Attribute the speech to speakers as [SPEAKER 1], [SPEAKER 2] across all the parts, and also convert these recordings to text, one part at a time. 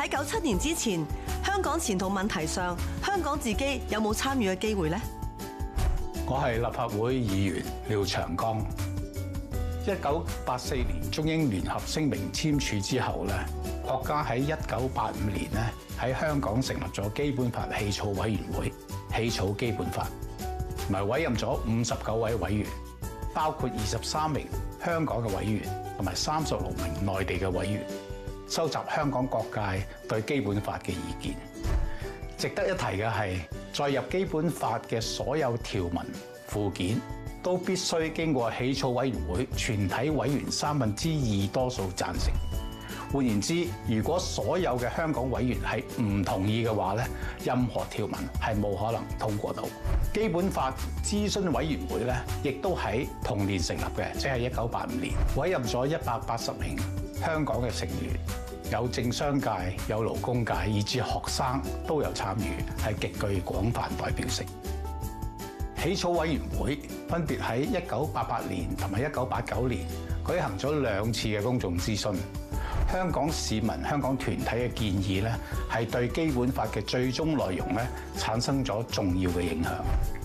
[SPEAKER 1] 喺九七年之前，香港前途問題上，香港自己有冇參與嘅機會咧？
[SPEAKER 2] 我係立法會議員廖長江。一九八四年中英聯合聲明簽署之後咧，國家喺一九八五年咧，喺香港成立咗基本法起草委員會，起草基本法，同埋委任咗五十九位委員，包括二十三名香港嘅委員同埋三十六名內地嘅委員。收集香港各界對基本法嘅意見。值得一提嘅係，載入基本法嘅所有條文附件都必須經過起草委員會全體委員三分之二多數贊成。換言之，如果所有嘅香港委員係唔同意嘅話咧，任何條文係冇可能通過到。基本法諮詢委員會咧，亦都喺同年成立嘅，即係一九八五年委任咗一百八十名香港嘅成員。有政商界、有勞工界，以至學生都有參與，係極具廣泛代表性。起草委員會分別喺一九八八年同埋一九八九年舉行咗兩次嘅公眾諮詢。香港市民、香港團體嘅建議咧，係對基本法嘅最終內容咧產生咗重要嘅影響。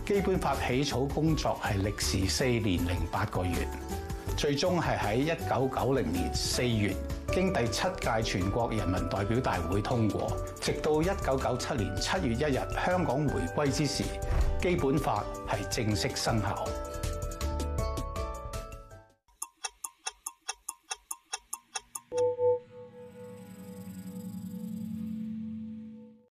[SPEAKER 2] 基本法起草工作係歷時四年零八個月。最終係喺一九九零年四月，經第七屆全國人民代表大會通過，直到一九九七年七月一日香港回歸之時，基本法係正式生效。